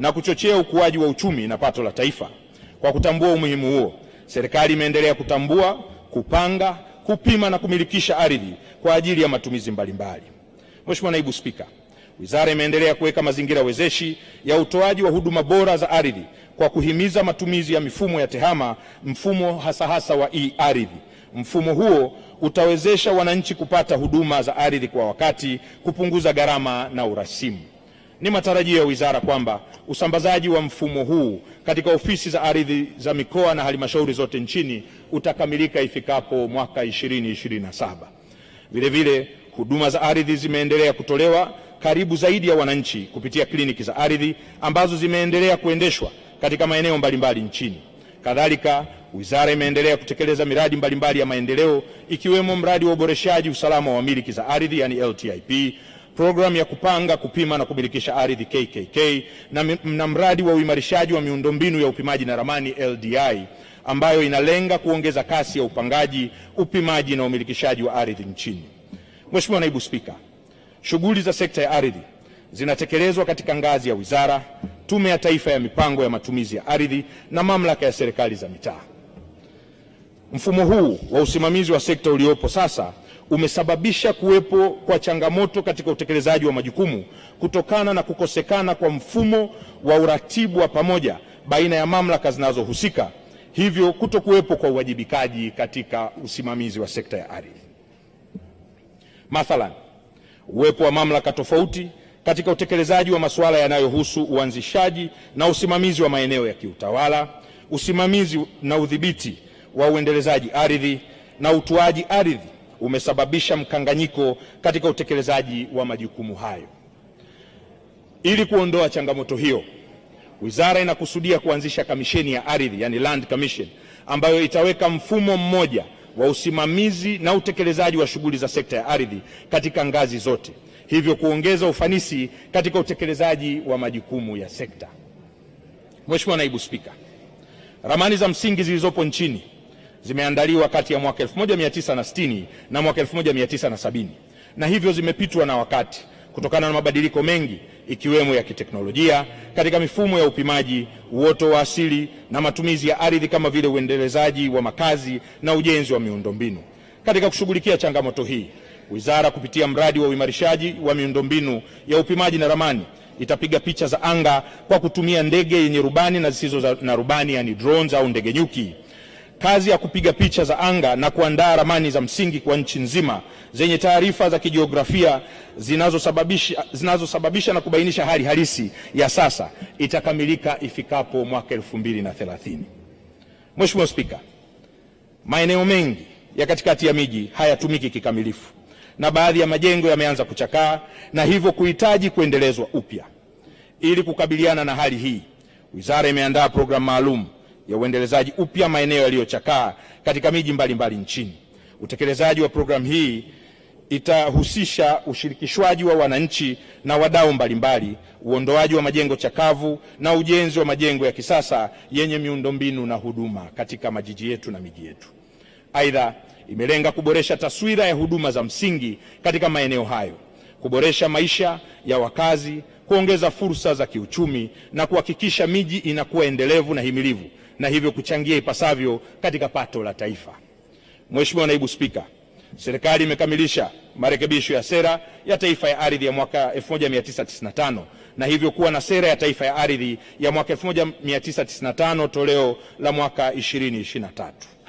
na kuchochea ukuaji wa uchumi na pato la taifa. Kwa kutambua umuhimu huo, serikali imeendelea kutambua, kupanga, kupima na kumilikisha ardhi kwa ajili ya matumizi mbalimbali. Mheshimiwa Naibu Spika, wizara imeendelea kuweka mazingira wezeshi ya utoaji wa huduma bora za ardhi kwa kuhimiza matumizi ya mifumo ya tehama, mfumo hasa hasa wa e-ardhi. Mfumo huo utawezesha wananchi kupata huduma za ardhi kwa wakati, kupunguza gharama na urasimu. Ni matarajio ya wizara kwamba usambazaji wa mfumo huu katika ofisi za ardhi za mikoa na halmashauri zote nchini utakamilika ifikapo mwaka 2027. Vilevile, huduma za ardhi zimeendelea kutolewa karibu zaidi ya wananchi kupitia kliniki za ardhi ambazo zimeendelea kuendeshwa katika maeneo mbalimbali nchini. Kadhalika, wizara imeendelea kutekeleza miradi mbalimbali ya maendeleo ikiwemo mradi wa uboreshaji usalama wa miliki za ardhi yani LTIP programu ya kupanga, kupima na kumilikisha ardhi KKK na, na mradi wa uimarishaji wa miundombinu ya upimaji na ramani LDI ambayo inalenga kuongeza kasi ya upangaji, upimaji na umilikishaji wa ardhi nchini. Mheshimiwa Naibu Spika, shughuli za sekta ya ardhi zinatekelezwa katika ngazi ya wizara, Tume ya Taifa ya Mipango ya Matumizi ya Ardhi na mamlaka ya serikali za mitaa. Mfumo huu wa usimamizi wa sekta uliopo sasa umesababisha kuwepo kwa changamoto katika utekelezaji wa majukumu kutokana na kukosekana kwa mfumo wa uratibu wa pamoja baina ya mamlaka zinazohusika, hivyo kutokuwepo kwa uwajibikaji katika usimamizi wa sekta ya ardhi. Mathalan, uwepo wa mamlaka tofauti katika utekelezaji wa masuala yanayohusu uanzishaji na usimamizi wa maeneo ya kiutawala, usimamizi na udhibiti wa uendelezaji ardhi na utoaji ardhi umesababisha mkanganyiko katika utekelezaji wa majukumu hayo. Ili kuondoa changamoto hiyo, wizara inakusudia kuanzisha kamisheni ya ardhi, yani land commission, ambayo itaweka mfumo mmoja wa usimamizi na utekelezaji wa shughuli za sekta ya ardhi katika ngazi zote, hivyo kuongeza ufanisi katika utekelezaji wa majukumu ya sekta. Mheshimiwa Naibu Spika, ramani za msingi zilizopo nchini zimeandaliwa kati ya mwaka 1960 na mwaka 1970 na hivyo zimepitwa na wakati kutokana na mabadiliko mengi ikiwemo ya kiteknolojia katika mifumo ya upimaji, uoto wa asili na matumizi ya ardhi kama vile uendelezaji wa makazi na ujenzi wa miundombinu. Katika kushughulikia changamoto hii, wizara kupitia mradi wa uimarishaji wa miundombinu ya upimaji na ramani itapiga picha za anga kwa kutumia ndege yenye rubani na zisizo na rubani, yani drones au ndege nyuki Kazi ya kupiga picha za anga na kuandaa ramani za msingi kwa nchi nzima zenye taarifa za kijiografia zinazosababisha, zinazosababisha na kubainisha hali halisi ya sasa itakamilika ifikapo mwaka 2030. Mheshimiwa Spika, maeneo mengi ya katikati ya miji hayatumiki kikamilifu na baadhi ya majengo yameanza kuchakaa na hivyo kuhitaji kuendelezwa upya. Ili kukabiliana na hali hii, wizara imeandaa programu maalum ya uendelezaji upya maeneo yaliyochakaa katika miji mbalimbali nchini. Utekelezaji wa programu hii itahusisha ushirikishwaji wa wananchi na wadau mbalimbali, uondoaji wa majengo chakavu na ujenzi wa majengo ya kisasa yenye miundombinu na huduma katika majiji yetu na miji yetu. Aidha, imelenga kuboresha taswira ya huduma za msingi katika maeneo hayo, kuboresha maisha ya wakazi, kuongeza fursa za kiuchumi na kuhakikisha miji inakuwa endelevu na himilivu na hivyo kuchangia ipasavyo katika pato la taifa. Mheshimiwa Naibu Spika, serikali imekamilisha marekebisho ya sera ya taifa ya ardhi ya mwaka 1995 na hivyo kuwa na sera ya taifa ya ardhi ya mwaka 1995 toleo la mwaka 2023.